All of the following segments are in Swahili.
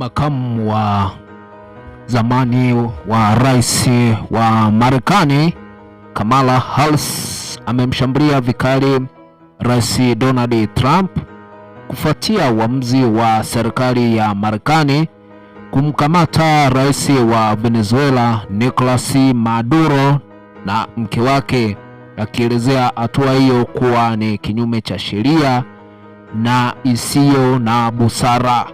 makamu wa zamani wa rais wa Marekani Kamala Harris amemshambulia vikali Rais Donald Trump kufuatia uamuzi wa serikali ya Marekani kumkamata rais wa Venezuela Nicolas Maduro na mke wake, akielezea hatua hiyo kuwa ni kinyume cha sheria na isiyo na busara.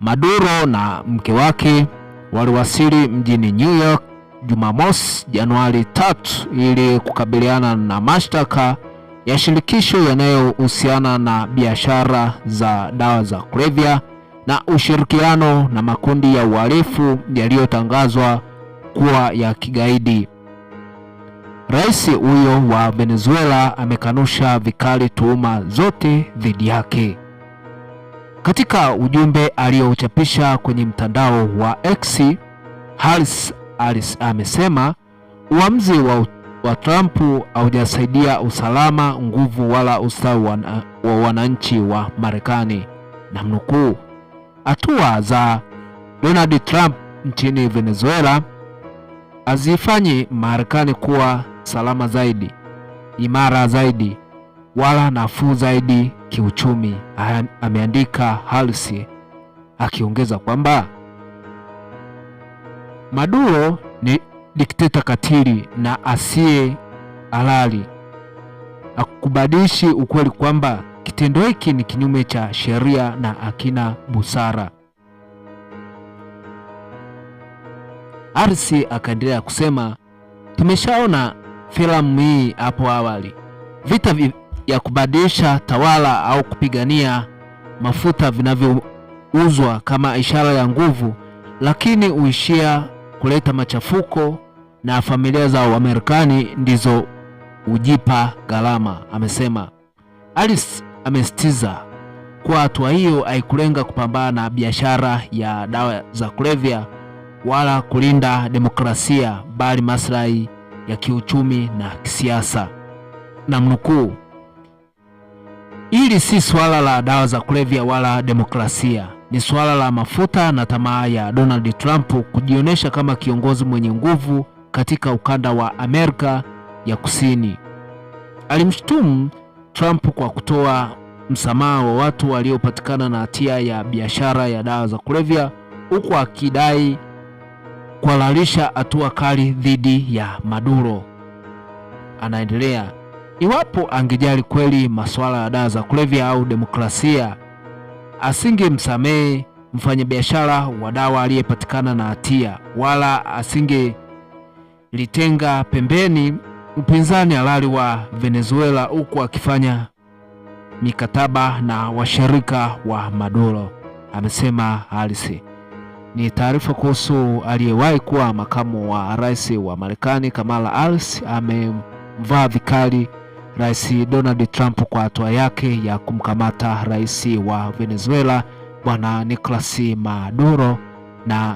Maduro na mke wake waliwasili mjini New York Jumamosi, Januari tatu ili kukabiliana na mashtaka ya shirikisho yanayohusiana na biashara za dawa za kulevya na ushirikiano na makundi ya uhalifu yaliyotangazwa kuwa ya kigaidi. Rais huyo wa Venezuela amekanusha vikali tuhuma zote dhidi yake. Katika ujumbe aliyouchapisha kwenye mtandao wa X, Harris amesema uamuzi wa, wa Trump haujasaidia usalama, nguvu wala ustawi wana, wa wananchi wa Marekani, namnukuu, hatua za Donald Trump nchini Venezuela hazifanyi Marekani kuwa salama zaidi, imara zaidi wala nafuu zaidi kiuchumi, ameandika Halsey, akiongeza kwamba Maduro ni dikteta katili na asiye halali, akubadishi ukweli kwamba kitendo hiki ni kinyume cha sheria na akina busara. Arsi akaendelea kusema, tumeshaona filamu hii hapo awali. Vita ya kubadilisha tawala au kupigania mafuta vinavyouzwa kama ishara ya nguvu, lakini huishia kuleta machafuko na familia za Wamarekani ndizo hujipa gharama, amesema. Alice amesitiza kuwa hatua hiyo haikulenga kupambana na biashara ya dawa za kulevya wala kulinda demokrasia, bali maslahi ya kiuchumi na kisiasa. Namnukuu, Hili si swala la dawa za kulevya wala demokrasia, ni swala la mafuta na tamaa ya Donald Trump kujionyesha kama kiongozi mwenye nguvu katika ukanda wa Amerika ya Kusini. Alimshutumu Trump kwa kutoa msamaha wa watu waliopatikana na hatia ya biashara ya dawa za kulevya huku akidai kuhalalisha hatua kali dhidi ya Maduro. Anaendelea. Iwapo angejali kweli masuala ya dawa za kulevya au demokrasia, asingemsamehe mfanyabiashara wa dawa aliyepatikana na hatia, wala asingelitenga pembeni upinzani halali wa Venezuela, huku akifanya mikataba na washirika wa Maduro, amesema Harris. Ni taarifa kuhusu aliyewahi kuwa makamu wa rais wa Marekani Kamala Harris amemvaa vikali Rais Donald Trump kwa hatua yake ya kumkamata rais wa Venezuela Bwana Nicolas Maduro na